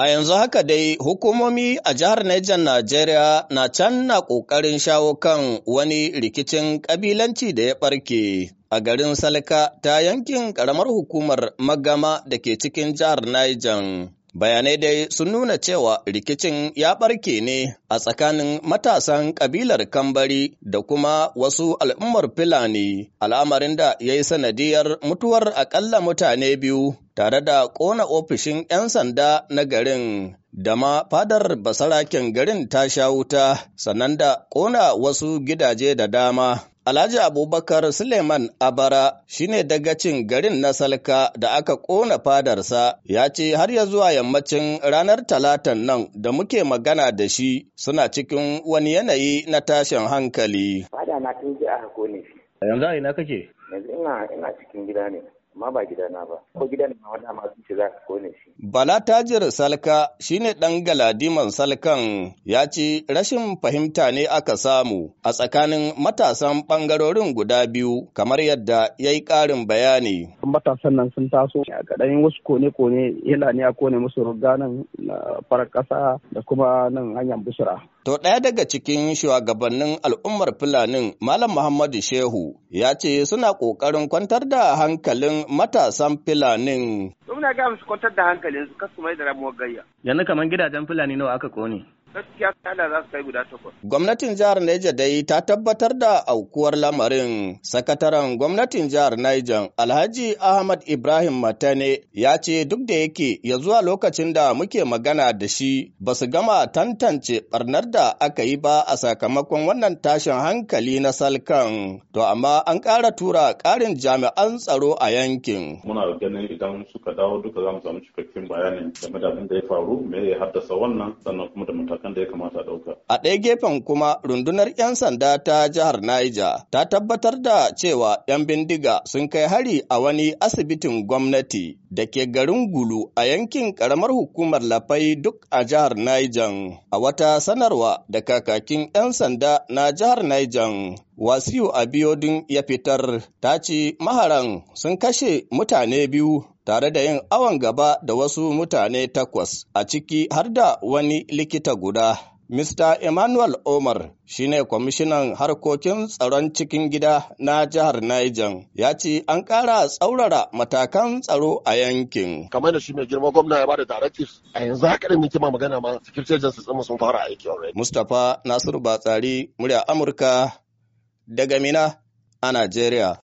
A yanzu haka dai hukumomi a jihar Niger Najeriya na can na ƙoƙarin shawo kan wani rikicin ƙabilanci da ya ɓarke a garin Salka ta yankin ƙaramar hukumar Magama da ke cikin jihar Niger. Bayanai dai sun nuna cewa rikicin ya ɓarke ne a tsakanin matasan ƙabilar Kambari da kuma wasu al'ummar Fulani, al'amarin da ya yi sanadiyar mutuwar aƙalla mutane biyu tare da ƙona ofishin ‘yan sanda na garin. Da ma fadar basarakin garin ta sha wuta, sannan da ƙona wasu gidaje da dama. Alhaji Abubakar Suleiman Abara shine dagacin garin na Salka da aka ƙona fadarsa ya ce har ya zuwa yammacin ranar talatan nan da muke magana da shi suna cikin wani yanayi na tashin hankali. Fada na tun ji a hako ne. Yanzu ina kake? Yanzu ina cikin gida ne. amma ba gidana ba ko gidan na wani amma ce za ka kone shi. Bala Tajir Salka shine ɗan galadiman Salkan ya ce rashin fahimta ne aka samu a tsakanin matasan ɓangarorin guda biyu kamar yadda ya yi ƙarin bayani. Matasan nan sun taso a wasu kone-kone yana ne a kone musu ruga nan farar ƙasa da kuma nan hanyar busura. To ɗaya daga cikin shugabannin al'ummar Fulanin Malam Muhammadu Shehu ya ce suna ƙoƙarin kwantar da hankalin matasan Fulanin. ya ga musu kwantar da hankalin su kasu mai da ramuwar gayya. Yanzu kamar gidajen Fulani nawa aka ƙone? gaskiya kala za su kai guda takwas. Gwamnatin jihar Niger dai ta tabbatar da aukuwar lamarin. Sakataren gwamnatin jihar Niger Alhaji Ahmad Ibrahim Matane ya ce duk da yake ya zuwa lokacin da muke magana da shi ba su gama tantance barnar da aka yi ba a sakamakon wannan tashin hankali na salkan. To amma an kara tura ƙarin jami'an tsaro a yankin. Muna ganin idan suka dawo duka za mu samu cikakken bayanin game da abin da ya faru me ya haddasa wannan sannan kuma da matakan matakan da ya kamata ɗauka. A ɗaya gefen kuma rundunar 'yan sanda ta jihar Niger ta tabbatar da cewa 'yan bindiga sun kai hari a wani asibitin gwamnati da ke garin Gulu a yankin ƙaramar hukumar Lafai duk a jihar Niger. A wata sanarwa da kakakin 'yan sanda na jihar Niger Wasiu Abiodun ya fitar ta ce maharan sun kashe mutane biyu tare da yin awon gaba da wasu mutane takwas a ciki har da wani likita guda. Mr. Emmanuel Omar shi ne kwamishinan harkokin tsaron cikin gida na jihar Niger ya ce an ƙara tsaurara matakan tsaro a yankin. Kamar da shi mai girma gwamna ya bada directives a yanzu haka da muke ma magana ma security agencies din sun fara aiki already. Mustapha Nasiru Batsari murya Amurka daga Mina a Najeriya.